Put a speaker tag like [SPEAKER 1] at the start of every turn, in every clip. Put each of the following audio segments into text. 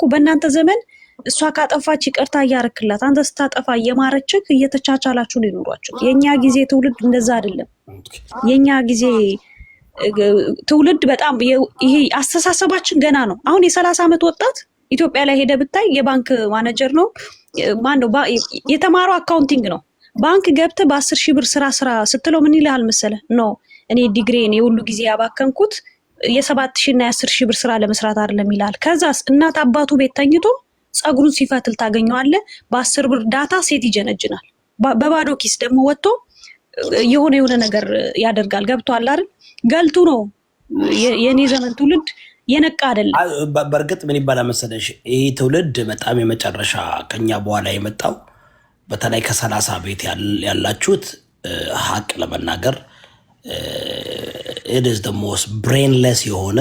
[SPEAKER 1] እኮ በእናንተ ዘመን እሷ ካጠፋች ይቅርታ እያረክላት አንተ ስታጠፋ እየማረችክ እየተቻቻላችሁ ይኖሯችሁ። የእኛ ጊዜ ትውልድ እንደዛ አይደለም። የእኛ ጊዜ ትውልድ በጣም ይሄ አስተሳሰባችን ገና ነው። አሁን የሰላሳ ዓመት ወጣት ኢትዮጵያ ላይ ሄደ ብታይ የባንክ ማኔጀር ነው ማን ነው የተማረው አካውንቲንግ ነው። ባንክ ገብተህ በአስር ሺህ ብር ስራ ስራ ስትለው ምን ይልሃል መሰለህ? ኖ እኔ ዲግሪን የሁሉ ጊዜ ያባከንኩት የሰባት ሺ እና የአስር ሺ ብር ስራ ለመስራት አይደለም ይላል። ከዛስ እናት አባቱ ቤት ተኝቶ ጸጉሩን ሲፈትል ታገኘዋለ። በአስር ብር ዳታ ሴት ይጀነጅናል። በባዶ ኪስ ደግሞ ወጥቶ የሆነ የሆነ ነገር ያደርጋል። ገብቷል አይደል? ገልቱ ነው የእኔ ዘመን ትውልድ የነቃ አይደለም።
[SPEAKER 2] በእርግጥ ምን ይባላል መሰለሽ ይህ ትውልድ በጣም የመጨረሻ ከኛ በኋላ የመጣው በተለይ ከሰላሳ ቤት ያላችሁት ሀቅ ለመናገር ኢትስ ደ ሞስት ብሬንለስ የሆነ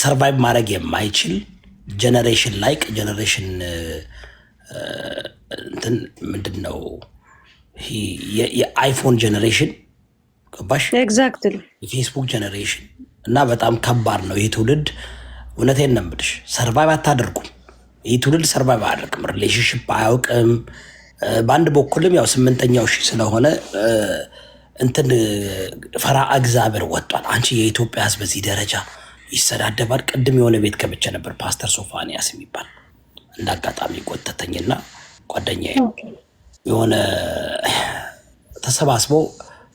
[SPEAKER 2] ሰርቫይቭ uh, ማድረግ የማይችል ጀነሬሽን ላይቅ ጀነሬሽን እንትን ምንድን ነው የአይፎን ጀነሬሽን
[SPEAKER 1] ገባሽ? ኤግዛክትሊ
[SPEAKER 2] የፌስቡክ ጀነሬሽን እና በጣም ከባድ ነው ይህ ትውልድ። እውነቴን ነው የምልሽ፣ ሰርቫይቭ አታደርጉም። ይህ ትውልድ ሰርቫይቭ አያደርግም። ሪሌሽንሽፕ አያውቅም። uh, በአንድ በኩልም ያው ስምንተኛው ሺህ ስለሆነ uh, እንትን ፈራ እግዚአብሔር ወጧል። አንቺ የኢትዮጵያ ህዝብ በዚህ ደረጃ ይሰዳደባል። ቅድም የሆነ ቤት ከብቻ ነበር ፓስተር ሶፋንያስ የሚባል እንደ አጋጣሚ ጎተተኝና ጓደኛ የሆነ ተሰባስበው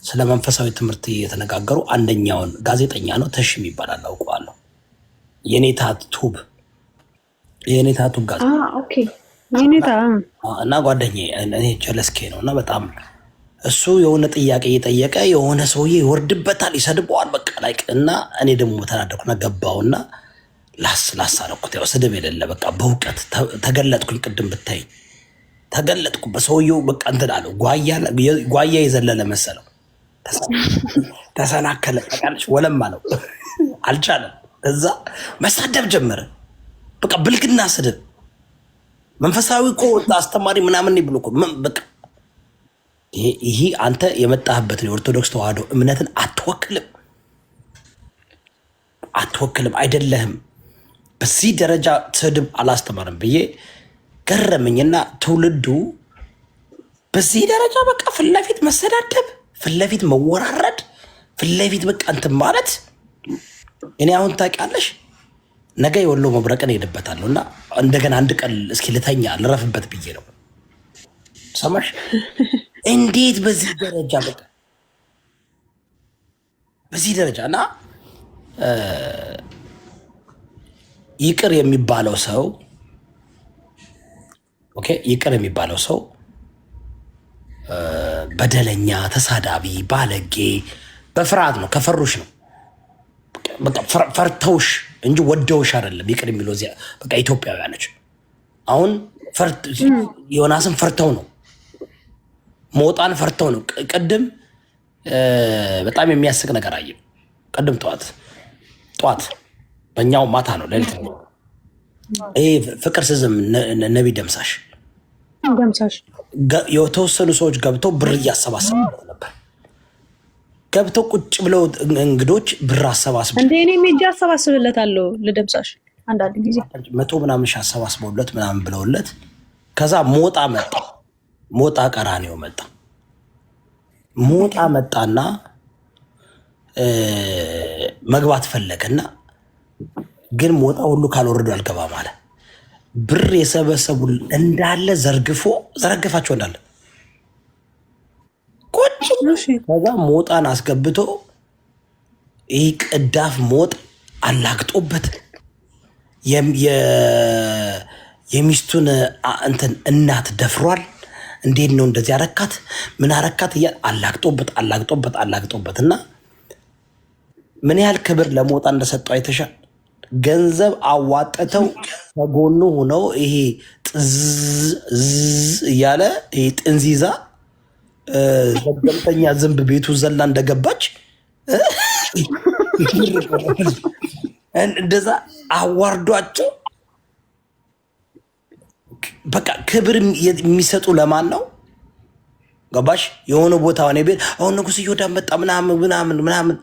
[SPEAKER 2] ስለ መንፈሳዊ ትምህርት የተነጋገሩ አንደኛውን ጋዜጠኛ ነው ተሽ የሚባል አላውቀዋለሁ። የኔታ ቱብ የኔታ ቱብ
[SPEAKER 1] ጋዜጠኛ
[SPEAKER 2] እና ጓደኛ እኔ ጀለስኬ ነው እና በጣም እሱ የሆነ ጥያቄ እየጠየቀ የሆነ ሰውዬ ይወርድበታል፣ ይሰድበዋል። በቃ ላይ እና እኔ ደግሞ ተናደኩና ገባውና ላስ ላስ አደረኩት። ያው ስድብ የሌለ በቃ በእውቀት ተገለጥኩኝ። ቅድም ብታይ ተገለጥኩ። በሰውየው በቃ እንትን አለው። ጓያ የዘለለ መሰለው፣ ተሰናከለ። ቃለች ወለማ ነው አልቻለም። እዛ መሳደብ ጀመረ። በቃ ብልግና ስድብ መንፈሳዊ እኮ አስተማሪ ምናምን ብሎ በቃ ይህ አንተ የመጣህበትን የኦርቶዶክስ ተዋህዶ እምነትን አትወክልም አትወክልም አይደለህም። በዚህ ደረጃ ስድብ አላስተማርም ብዬ ገረመኝና ትውልዱ በዚህ ደረጃ በቃ ፊት ለፊት መሰዳደብ፣ ፊት ለፊት መወራረድ፣ ፊት ለፊት በቃ እንትን ማለት እኔ አሁን ታውቂያለሽ፣ ነገ የወሎ መብረቅን ሄድበታለሁ እና እንደገና አንድ ቀን እስኪ ልተኛ ልረፍበት ብዬ ነው ሰማሽ እንዴት በዚህ ደረጃ በቃ በዚህ ደረጃ እና ይቅር የሚባለው ሰው ኦኬ፣ ይቅር የሚባለው ሰው በደለኛ፣ ተሳዳቢ፣ ባለጌ በፍርሃት ነው፣ ከፈሩሽ ነው በቃ ፈርተውሽ እንጂ ወደውሽ አይደለም። ይቅር የሚለው በቃ ኢትዮጵያውያኖች አሁን ዮናስን ፈርተው ነው ሞጣን ፈርተው ነው። ቅድም በጣም የሚያስቅ ነገር አየ። ቅድም ጠዋት ጠዋት በእኛው ማታ ነው ሌሊት ይህ ፍቅር ስዝም ነቢ ደምሳሽ የተወሰኑ ሰዎች ገብተው ብር እያሰባሰቡ ነበር። ገብተው ቁጭ ብለው እንግዶች ብር አሰባስብ
[SPEAKER 1] እንደ እኔ ሜጃ አሰባስብለታለሁ ለደምሳሽ አንዳንድ ጊዜ
[SPEAKER 2] መቶ ምናምን ሺህ አሰባስበውለት ምናምን ብለውለት ከዛ ሞጣ መጣ ሞጣ ቀራኔው መጣ። ሞጣ መጣና መግባት ፈለገና ግን ሞጣ ሁሉ ካልወረዱ አልገባም አለ። ብር የሰበሰቡ እንዳለ ዘርግፎ ዘረግፋቸው እንዳለ ቁጭ ከዛ ሞጣን አስገብቶ ይህ ቅዳፍ ሞጥ አላግጦበት የሚስቱን እንትን እናት ደፍሯል። እንዴት ነው እንደዚህ አረካት ምን አረካት እያ አላግጦበት አላግጦበት አላግጦበት እና ምን ያህል ክብር ለሞጣ እንደሰጠው አይተሻል። ገንዘብ አዋጠተው ከጎኑ ሆነው ይሄ ጥዝ እያለ ይሄ ጥንዚዛ ዘገምተኛ ዝንብ ቤቱ ዘላ እንደገባች እንደዛ አዋርዷቸው በቃ ክብር የሚሰጡ ለማን ነው? ገባሽ? የሆነ ቦታ ሆነ ቤት አሁን ንጉስ እዮዳብ መጣ ምናምን ምናምን ምናምን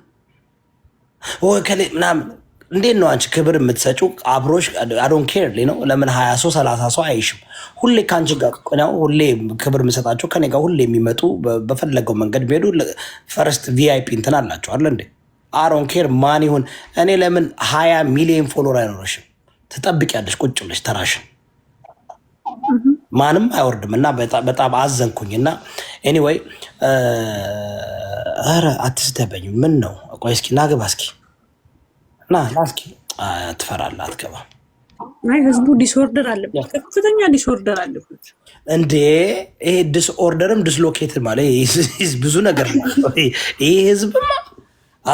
[SPEAKER 2] ከሌ ምናምን እንዴት ነው አንቺ ክብር የምትሰጩ? አብሮሽ አዶን ኬር ነው። ለምን ሀያ ሰው ሰላሳ ሰው አይሽም? ሁሌ ከአንቺ ጋር ነው። ሁሌ ክብር የምሰጣቸው ከኔ ጋር ሁሌ የሚመጡ በፈለገው መንገድ ሄዱ ፈርስት ቪአይፒ እንትን አላቸው አለ እንዴ አሮን ኬር ማን ይሁን እኔ ለምን ሀያ ሚሊዮን ፎሎወር አይኖረሽም? ትጠብቂያለሽ ቁጭ ብለሽ ተራሽን ማንም አይወርድም እና በጣም አዘንኩኝ እና ኤኒዌይ፣ ኧረ አትስደበኝ። ምን ነው ቆይ እስኪ ናግባ እስኪ ና እስኪ ትፈራለህ፣ አትገባ
[SPEAKER 1] አይ ህዝቡ ዲስኦርደር አለበት፣ ከፍተኛ ዲስኦርደር አለበት
[SPEAKER 2] እንዴ! ይሄ ዲስኦርደርም ዲስሎኬት ማለት ብዙ ነገር ይሄ ህዝብማ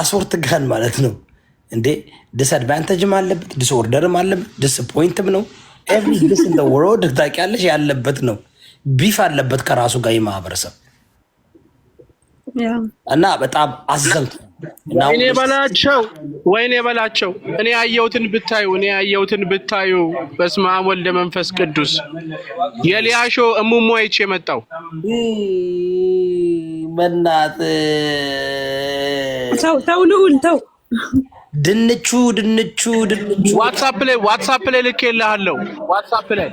[SPEAKER 2] አስወርት ጋን ማለት ነው እንዴ! ዲስአድቫንቴጅም አለበት፣ ዲስኦርደርም አለበት፣ ዲስፖይንትም ነው። ኤቭሪ ቢስ ኢን ዘ ወርልድ ታውቂያለሽ፣ ያለበት ነው ቢፍ አለበት ከራሱ ጋር የማህበረሰብ እና በጣም አዘንኩ።
[SPEAKER 3] ወይኔ በላቸው ወይኔ በላቸው። እኔ ያየሁትን ብታዩ እኔ ያየሁትን ብታዩ፣ በስመ አብ ወልደ መንፈስ ቅዱስ የሊያሾ እሙሙ አይቼ የመጣው
[SPEAKER 2] መናት
[SPEAKER 1] ተው ተው ልዑል ተው
[SPEAKER 2] ድንቹ ድንቹ ድንቹ
[SPEAKER 3] ዋትሳፕ ላይ ዋትሳፕ ላይ ልክ ዋትሳፕ ላይ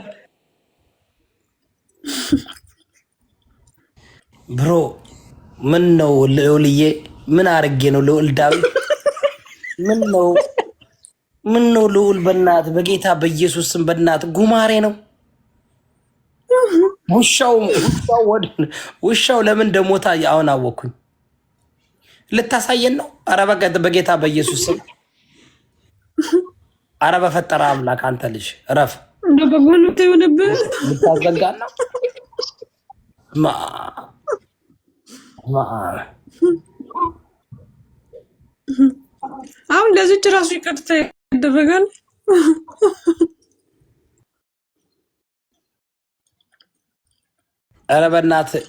[SPEAKER 2] ብሮ ምን ነው ልዑልዬ፣ ምን አርጌ ነው ልዑል ዳዊት? ምን ነው ምን ነው ልዑል፣ በእናት በጌታ በኢየሱስ ስም በእናት ጉማሬ ነው ውሻው ውሻው ለምን ደሞታ አሁን አወኩኝ። ልታሳየን ነው? አረ በጌታ በኢየሱስ ስም አረ በፈጠረ አምላክ አንተ ልጅ እረፍ።
[SPEAKER 1] እንደበጎነት የሆነብህ ልታዘጋ ነው። አሁን ለዚች ራሱ ይቅርታ ይደረጋል።
[SPEAKER 2] አረ በእናትህ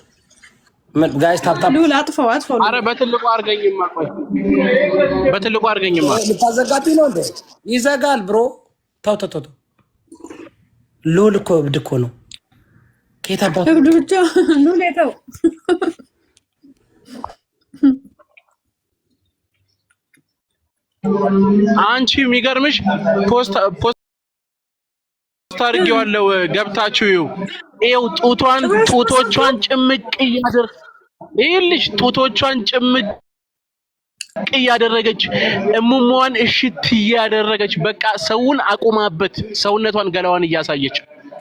[SPEAKER 2] ጋይስ ታብታ
[SPEAKER 1] ሉል አጥፈው አጥፈው።
[SPEAKER 3] አረ በትልቁ አርገኝማ፣ አድርገኝማ በትልቁ አርገኝማ።
[SPEAKER 2] ልታዘጋቱኝ ነው እንዴ? ይዘጋል ብሮ። ተው ተው ተው። ሉል እኮ እብድ እኮ ነው። ከየት አባት
[SPEAKER 1] እብድ ብቻ ሉል የተው
[SPEAKER 3] አንቺ የሚገርምሽ ፖስት ፖስት አድርጌዋለሁ። ገብታችሁ ይው ይው ጡቷን ጡቶቿን ጭምቅ እያደረገች ይኸውልሽ፣ ጡቶቿን ጭምቅ እያደረገች እሙሟን እሽት እያደረገች በቃ ሰውን አቁማበት ሰውነቷን ገላዋን እያሳየች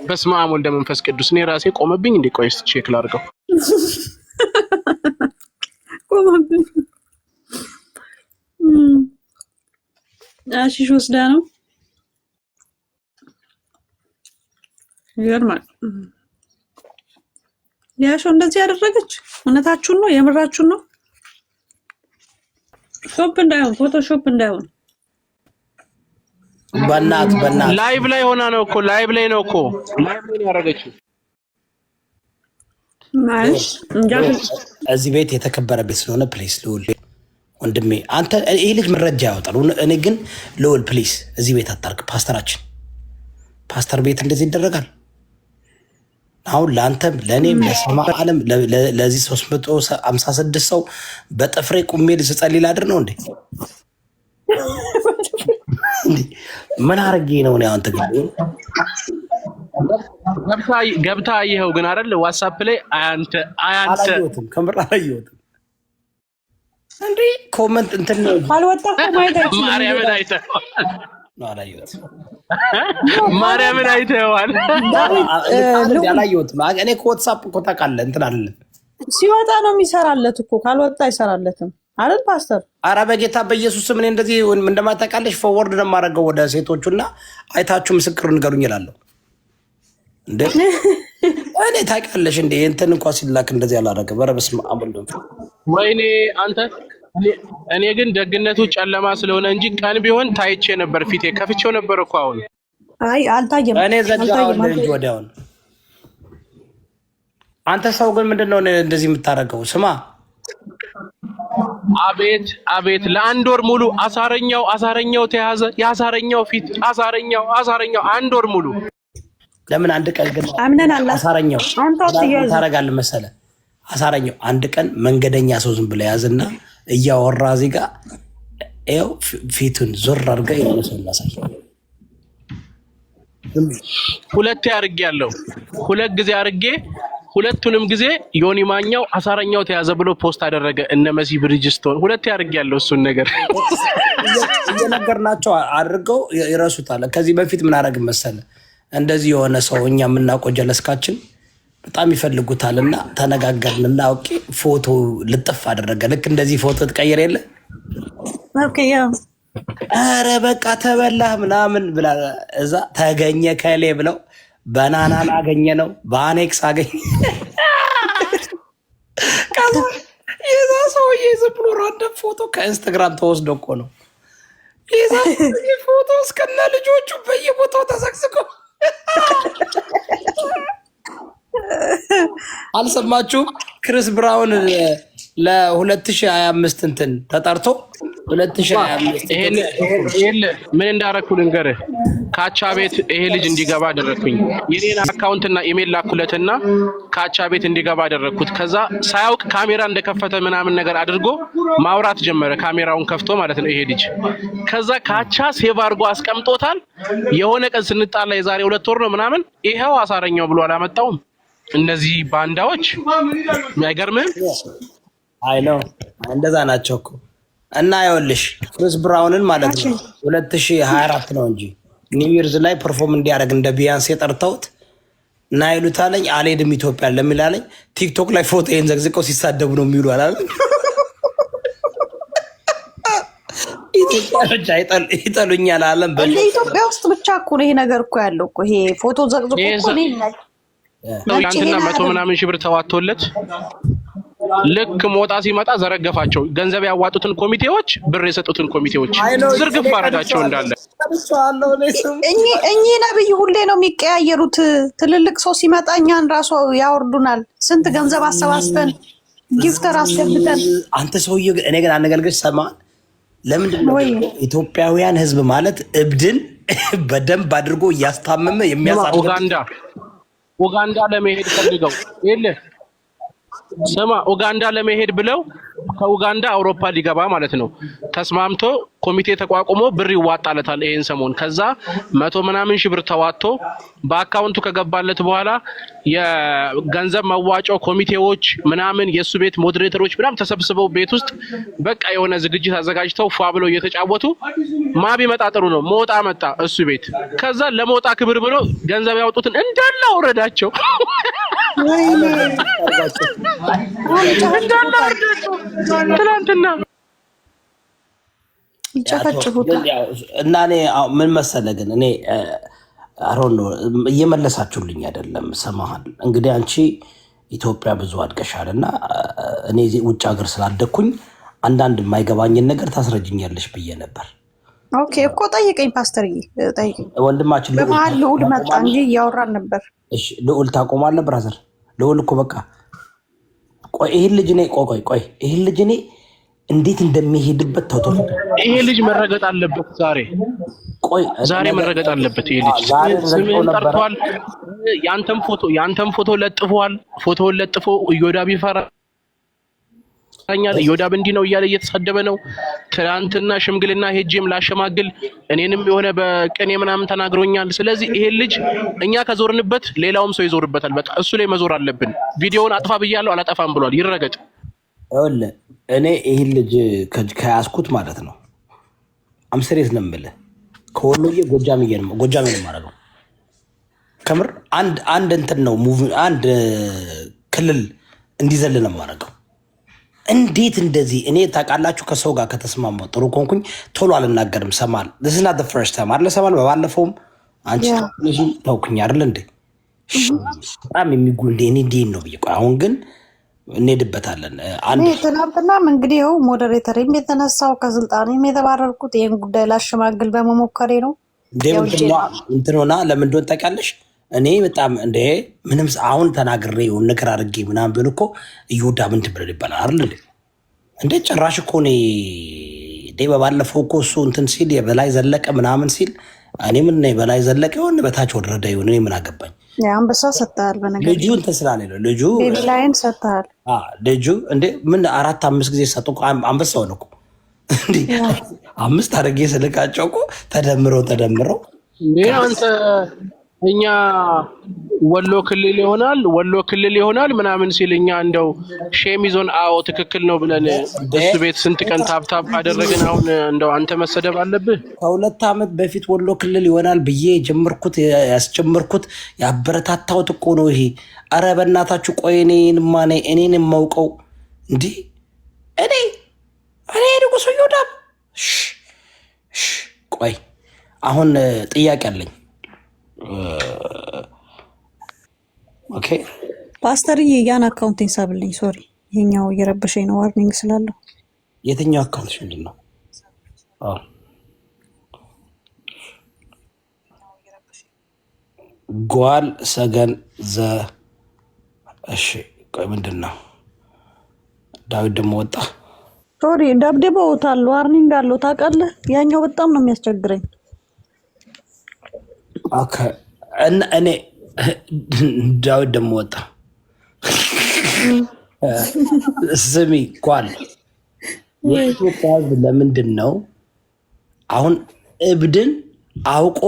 [SPEAKER 3] በስመ አብ ወልደ መንፈስ ቅዱስ። እኔ ራሴ ቆመብኝ። እንደ ቆይስ ቼክ ላድርገው። ቆመብኝ።
[SPEAKER 1] አሺሽ ወስዳ ነው ይገርማል። ያሾ እንደዚህ ያደረገች እውነታችሁን ነው? የምራችሁን ነው? ሾፕ እንዳይሆን ፎቶሾፕ እንዳይሆን
[SPEAKER 2] በናት በናት
[SPEAKER 3] ላይቭ ላይ ሆና ነው እኮ ላይቭ ላይ ነው እኮ ላይቭ ላይ ያደረገችው።
[SPEAKER 2] እዚህ ቤት የተከበረ ቤት ስለሆነ ፕሊስ ልውል ወንድሜ፣ አንተ ይህ ልጅ መረጃ ያወጣል። እኔ ግን ልውል ፕሊስ፣ እዚህ ቤት አታርግ። ፓስተራችን ፓስተር ቤት እንደዚህ ይደረጋል። አሁን ለአንተም ለእኔም ለሰማ ዓለም ለዚህ 356 ሰው በጥፍሬ ቁሜ ልጸልይ ላድር ነው እንዴ? ምን አርጌ ነው እኔ? አንተ
[SPEAKER 3] ገብታ አየኸው ግን አይደል? ዋትሳፕ ላይ አንተ አንተ
[SPEAKER 2] ከምር አላየሁትም። እንዴ ኮመንት እንትን
[SPEAKER 1] አልወጣሁም አይደል? ማርያምን
[SPEAKER 2] አይተኸዋል ነው አላየሁትም። ማርያምን አላየሁትም። እኔ እኮ ታውቃለህ እንትን አለ
[SPEAKER 1] ሲወጣ ነው የሚሰራለት እኮ ካልወጣ አይሰራለትም አይደል ፓስተር?
[SPEAKER 2] አረ በጌታ በኢየሱስ ምን እንደዚህ እንደማታውቃለሽ ፎርወርድ ነው የማደርገው ወደ ሴቶቹና አይታችሁ ምስክር ንገሩኝ ይላለሁ። እንደ እኔ ታውቂያለሽ እንደ እንትን እንኳ ሲላክ እንደዚህ አላደረገ። በረ በስመ አብ ወወልድ ወመንፈስ
[SPEAKER 3] ቅዱስ። ወይኔ አንተ እኔ ግን ደግነቱ ጨለማ ስለሆነ እንጂ ቀን ቢሆን ታይቼ ነበር። ፊቴ ከፍቼው ነበር እኮ አሁን።
[SPEAKER 1] አይ አልታየም።
[SPEAKER 2] እኔ ዘጋሁን እንጂ ወዲያውን። አንተ ሰው ግን ምንድን ነው እንደዚህ የምታደርገው? ስማ
[SPEAKER 3] አቤት አቤት! ለአንድ ወር ሙሉ አሳረኛው አሳረኛው ተያዘ። የአሳረኛው ፊት አሳረኛው አሳረኛው አንድ ወር ሙሉ
[SPEAKER 2] ለምን አንድ ቀን ግን አምነን አላ አሳረኛው ታደርጋለህ መሰለህ? አሳረኛው አንድ ቀን መንገደኛ ሰው ዝም ብለህ ያዝና እያወራ እዚህ ጋ ው ፊቱን ዞር አድርጋ የለሰው ላሳይ
[SPEAKER 3] ሁለቴ አርጌ ያለው ሁለት ጊዜ አርጌ ሁለቱንም ጊዜ ዮኒ ማኛው አሳረኛው ተያዘ ብሎ ፖስት አደረገ። እነ መሲ ብሪጅስቶን ሁለቴ አርጌ ያለው እሱን ነገር
[SPEAKER 2] እየነገርናቸው አድርገው ይረሱታል። ከዚህ በፊት ምን አረግ መሰለ እንደዚህ የሆነ ሰው እኛ የምናውቀው ጀለስካችን በጣም ይፈልጉታል እና ተነጋገርን እና አውቄ ፎቶ ልጥፍ አደረገ። ልክ እንደዚህ ፎቶ ትቀይር የለ ኧረ በቃ ተበላህ ምናምን ብላ እዛ ተገኘ ከሌ ብለው በናናን አገኘ ነው በአኔክስ አገኘ
[SPEAKER 3] የዛ ሰውዬ ዝም ብሎ ራንደም ፎቶ ከኢንስታግራም ተወስዶ እኮ ነው የዛ ፎቶ እስከና ልጆቹ በየቦታው ተሰቅስቆ
[SPEAKER 2] አልሰማችሁም? ክሪስ ብራውን ለ2025 እንትን ተጠርቶ
[SPEAKER 3] ምን እንዳረግኩ ልንገርህ። ካቻ ቤት ይሄ ልጅ እንዲገባ አደረግኩኝ። የኔን አካውንትና ኢሜል ላኩለትና ካቻ ቤት እንዲገባ አደረግኩት። ከዛ ሳያውቅ ካሜራ እንደከፈተ ምናምን ነገር አድርጎ ማውራት ጀመረ። ካሜራውን ከፍቶ ማለት ነው ይሄ ልጅ። ከዛ ካቻ ሴቭ አድርጎ አስቀምጦታል። የሆነ ቀን ስንጣላ የዛሬ ሁለት ወር ነው ምናምን፣ ይኸው አሳረኛው ብሎ አላመጣውም እነዚህ ባንዳዎች የሚያገርምህም
[SPEAKER 2] አይ ነው እንደዛ ናቸው እኮ እና ይኸውልሽ ክሪስ ብራውንን ማለት ነው 2024 ነው እንጂ ኒው ይርዝ ላይ ፐርፎርም እንዲያደርግ እንደ ቢያንስ የጠርተውት እና ይሉት አለኝ አልሄድም ኢትዮጵያ ለሚላለኝ ቲክቶክ ላይ ፎቶ ይህን ዘግዝቀው ሲሳደቡ ነው የሚሉ አላለ ኢትዮጵያኖች ይጠሉኛል አለ።
[SPEAKER 1] በኢትዮጵያ ውስጥ ብቻ እኮ ይሄ ነገር እኮ ያለው እኮ ይሄ ፎቶ ዘግዝቆ
[SPEAKER 3] ትናንትና መቶ ምናምን ሺህ ብር ተዋቶለት ልክ ሞጣ ሲመጣ ዘረገፋቸው። ገንዘብ ያዋጡትን ኮሚቴዎች፣ ብር የሰጡትን ኮሚቴዎች ዝርግፍ አረጋቸው እንዳለ።
[SPEAKER 1] እኚህ ነብይ ሁሌ ነው የሚቀያየሩት። ትልልቅ ሰው ሲመጣ እኛን ራሱ ያወርዱናል። ስንት ገንዘብ አሰባስበን ጊፍተር አስገብተን።
[SPEAKER 2] አንተ ሰውዬ፣ እኔ ግን አነጋግር ሰማ። ለምንድን ነው ኢትዮጵያውያን ህዝብ ማለት እብድን በደንብ አድርጎ እያስታመመ
[SPEAKER 3] የሚያሳ ኡጋንዳ ኡጋንዳ ለመሄድ ፈልገው የለ ስማ ኡጋንዳ ለመሄድ ብለው ከኡጋንዳ አውሮፓ ሊገባ ማለት ነው ተስማምቶ ኮሚቴ ተቋቁሞ ብር ይዋጣለታል። ይሄን ሰሞን ከዛ መቶ ምናምን ሺህ ብር ተዋጥቶ በአካውንቱ ከገባለት በኋላ የገንዘብ መዋጮ ኮሚቴዎች ምናምን የእሱ ቤት ሞዴሬተሮች ምናምን ተሰብስበው ቤት ውስጥ በቃ የሆነ ዝግጅት አዘጋጅተው ፏ ብለው እየተጫወቱ ማ ቢመጣ ጥሩ ነው። ሞጣ መጣ እሱ ቤት። ከዛ ለሞጣ ክብር ብሎ ገንዘብ ያወጡትን እንዳለ አወረዳቸው።
[SPEAKER 2] እና እኔ ምን መሰለህ ግን እኔ አሮን እየመለሳችሁልኝ አይደለም። ሰማሃል እንግዲህ አንቺ ኢትዮጵያ ብዙ አድገሻል እና እኔ ውጭ ሀገር ስላደግኩኝ አንዳንድ የማይገባኝን ነገር ታስረጅኛለሽ ብዬ ነበር።
[SPEAKER 1] ኦኬ እኮ ጠይቀኝ ፓስተርዬ፣ ጠይቀኝ ወንድማችን። ልዑል መጣ እንጂ እያወራን ነበር።
[SPEAKER 2] ልዑል ታቆማለህ ብራዘር ልሆን እኮ በቃ ቆይ ይህን ልጅ እኔ ቆይ ቆይ ቆይ ይህን ልጅ እኔ እንዴት እንደሚሄድበት ተውቶ
[SPEAKER 3] ይሄ ልጅ መረገጥ አለበት። ዛሬ ቆይ ዛሬ መረገጥ አለበት። ይሄ ልጅ ስምህን ጠርቷል። ያንተን ፎቶ ያንተን ፎቶ ለጥፏል። ፎቶውን ለጥፎ እዮዳብ ይፈራል። ይመስለኛል ዮዳብ እንዲህ ነው እያለ እየተሳደበ ነው። ትናንትና ሽምግልና ሄጄም ላሸማግል እኔንም የሆነ በቅኔ ምናምን ተናግሮኛል። ስለዚህ ይሄን ልጅ እኛ ከዞርንበት ሌላውም ሰው ይዞርበታል። በቃ እሱ ላይ መዞር አለብን። ቪዲዮውን አጥፋ ብያለሁ አላጠፋም ብሏል። ይረገጥ።
[SPEAKER 2] ይኸውልህ እኔ ይህን ልጅ ከያዝኩት ማለት ነው አምስሬት ነው የምልህ ከወሎዬ ጎጃምዬ ነው ጎጃምዬ ነው የማደርገው። ከምር አንድ አንድ እንትን ነው አንድ ክልል እንዲዘል ነው የማደርገው እንዴት እንደዚህ እኔ ታውቃላችሁ፣ ከሰው ጋር ከተስማማ ጥሩ ከሆንኩኝ ቶሎ አልናገርም። ሰማል ስና ፈርስት ታይም አለ ሰማል። በባለፈውም አንቺ ታውኩኝ አይደል እንዴ? በጣም የሚጉ እንዴ እኔ እንዴ ነው ብዬ አሁን ግን እንሄድበታለን።
[SPEAKER 1] ትናንትናም እንግዲህ ው ሞዴሬተርም የተነሳው ከስልጣኔም የተባረርኩት ይህን ጉዳይ ላሸማግል በመሞከሬ ነው።
[SPEAKER 2] እንትና ለምን እንደሆነ ታውቂያለሽ? እኔ በጣም እንደ ምንም አሁን ተናግሬ የሆነ ነገር አድርጌ ምናምን ቢሆን እኮ እዮዳ ምን ትብለል ይባላል አይደል እንደ ጭራሽ እኮ እኔ በባለፈው እኮ እሱ እንትን ሲል የበላይ ዘለቀ ምናምን ሲል እኔ ምን የበላይ ዘለቀ የሆነ በታች ወረደ ይሆን እኔ ምን አገባኝ።
[SPEAKER 1] አንበሳ ሰጥተሃል፣
[SPEAKER 2] በነገር ልጁ እንትን ስላለ ልጁ
[SPEAKER 1] ላይን ሰጥተሃል።
[SPEAKER 2] ልጁ እንደ ምን አራት አምስት ጊዜ ሰጡ አንበሳው ሆነ እኮ አምስት አድርጌ ስልቃቸው እኮ ተደምረው ተደምረው
[SPEAKER 3] እኛ ወሎ ክልል ይሆናል ወሎ ክልል ይሆናል ምናምን ሲል እኛ እንደው ሸሚዞን ይዞን አዎ ትክክል ነው ብለን እሱ ቤት ስንት ቀን ታብታብ አደረግን። አሁን እንደው አንተ መሰደብ አለብህ።
[SPEAKER 2] ከሁለት ዓመት በፊት ወሎ ክልል ይሆናል ብዬ ጀምርኩት ያስጀምርኩት ያበረታታው ጥቆ ነው ይሄ። አረ በእናታችሁ ቆይ እኔን ማነ እኔን የማውቀው እንዲህ እኔ እኔ ንጉሶ ይወዳል። ቆይ አሁን ጥያቄ አለኝ ኦኬ uh,
[SPEAKER 1] ፓስተርዬ ያን አካውንቴን ሳብልኝ። ሶሪ ይሄኛው እየረበሸኝ ነው ዋርኒንግ ስላለው።
[SPEAKER 2] የትኛው አካውንትሽ ምንድን ነው? ጓል ሰገን ዘ እሺ፣ ቆይ ምንድን ነው? ዳዊት ደግሞ ወጣ።
[SPEAKER 1] ሶሪ ደብድበውታል። ዋርኒንግ አለው ታውቃለህ። ያኛው በጣም ነው የሚያስቸግረኝ
[SPEAKER 2] እኔ ዳዊት ደግሞ ወጣ። ስሚ ኳል የኢትዮጵያ ሕዝብ ለምንድን ነው አሁን እብድን አውቆ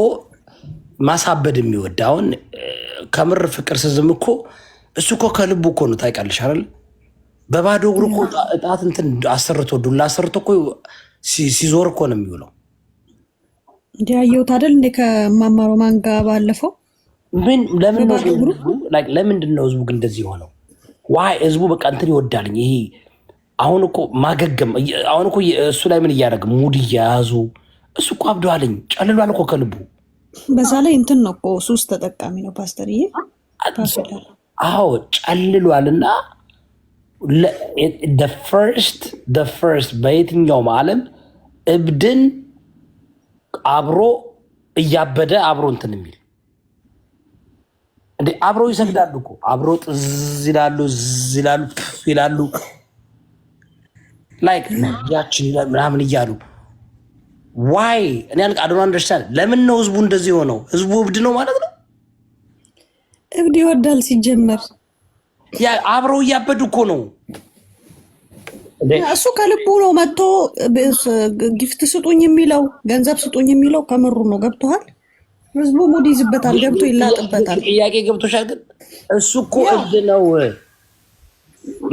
[SPEAKER 2] ማሳበድ የሚወድ? አሁን ከምር ፍቅር ስዝም እኮ እሱ እኮ ከልቡ እኮ ነው። ታይቃለሽ አይደል? በባዶ እግሩ እኮ እጣት እንትን አሰርቶ ዱላ አሰርቶ እኮ ሲዞር እኮ ነው የሚውለው።
[SPEAKER 1] እንዲ አደል አይደል እንደ ከማማሮ ማንጋ ባለፈው
[SPEAKER 2] ምን ለምን ለምንድን ነው ህዝቡ ግን እንደዚህ የሆነው? ዋይ ህዝቡ በቃ እንትን ይወዳልኝ ይሄ አሁን እኮ ማገገም አሁን እኮ እሱ ላይ ምን እያደረግ ሙድ እያያዙ እሱ እኮ አብደዋልኝ ጨልሏል እኮ ከልቡ።
[SPEAKER 1] በዛ ላይ እንትን ነው እኮ ሱስ ተጠቃሚ ነው ፓስተርዬ።
[SPEAKER 2] አዎ ጨልሏል። እና ፈርስት ፈርስት በየትኛውም ዓለም እብድን አብሮ እያበደ አብሮ እንትን የሚል እንዴ አብሮ ይሰግዳሉ እኮ አብሮ ጥዝ ይላሉ፣ ዝ ይላሉ፣ ይላሉ፣ ላይክ ያችን ምናምን እያሉ ዋይ እኔ አዶና አንደርስታንድ ለምን ነው ህዝቡ እንደዚህ የሆነው? ህዝቡ እብድ ነው ማለት ነው።
[SPEAKER 1] እብድ ይወዳል ሲጀመር፣
[SPEAKER 2] አብረው እያበዱ እኮ ነው
[SPEAKER 1] እሱ ከልቡ ነው መጥቶ ጊፍት ስጡኝ የሚለው ገንዘብ ስጡኝ የሚለው ከምሩ ነው። ገብቶሃል? ህዝቡ ሙድ ይዝበታል፣ ገብቶ ይላጥበታል።
[SPEAKER 2] ጥያቄ ገብቶሻል? ግን እሱ እኮ እብድ ነው።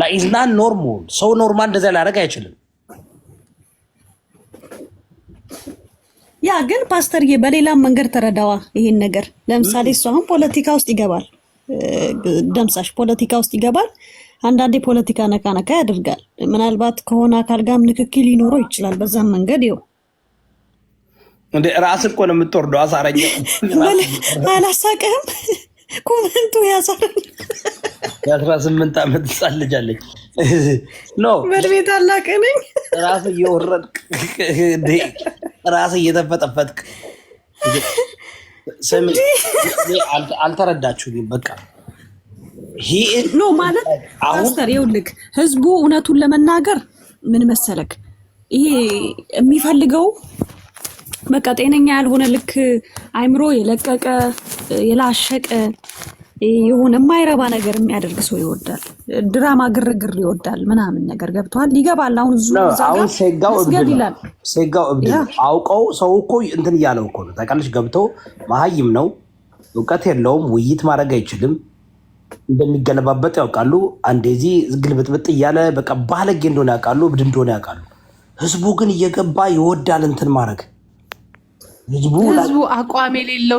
[SPEAKER 2] ላኢዝናን ኖርማል ሰው ኖርማል እንደዚያ ላደርግ አይችልም።
[SPEAKER 1] ያ ግን ፓስተርዬ በሌላም መንገድ ተረዳዋ ይሄን ነገር። ለምሳሌ እሱ አሁን ፖለቲካ ውስጥ ይገባል፣ ደምሳሽ ፖለቲካ ውስጥ ይገባል አንዳንዴ ፖለቲካ ነካ ነካ ያደርጋል። ምናልባት ከሆነ አካል ጋርም ንክኪ ሊኖረው ይችላል። በዛም መንገድ ይው
[SPEAKER 2] እንደ ራስ እኮ ነው የምትወርደው። አሳረኛ
[SPEAKER 1] አላሳቀህም? ኮመንቱ ያሳረ
[SPEAKER 2] የአስራ ስምንት ዓመት ህፃን ልጅ አለች።
[SPEAKER 1] በእድሜት አላቀነኝ
[SPEAKER 2] ራስ እየወረድክ ራስ እየተፈጠፈጥክ አልተረዳችሁኝም በቃ
[SPEAKER 1] ኖ ማለት ፓስተር ይኸውልህ፣ ህዝቡ እውነቱን ለመናገር ምን መሰለክ፣ ይሄ የሚፈልገው በቃ ጤነኛ ያልሆነ ልክ አይምሮ የለቀቀ የላሸቀ የሆነ የማይረባ ነገር የሚያደርግ ሰው ይወዳል። ድራማ፣ ግርግር ይወዳል ምናምን ነገር ገብተዋል። ይገባል። አሁን
[SPEAKER 2] አሁን ሴጋው እብድ ነው። ሴጋው እብድ ነው። አውቀው ሰው እኮ እንትን እያለው እኮ ነው። ታውቃለች፣ ገብቶ መሀይም ነው፣ እውቀት የለውም፣ ውይይት ማድረግ አይችልም እንደሚገለባበጥ ያውቃሉ። አንዴዚ ግልብጥብጥ እያለ በቃ ባለጌ እንደሆነ ያውቃሉ፣ እብድ እንደሆነ ያውቃሉ። ህዝቡ ግን እየገባ ይወዳል እንትን ማድረግ
[SPEAKER 1] ህዝቡ አቋም የሌለው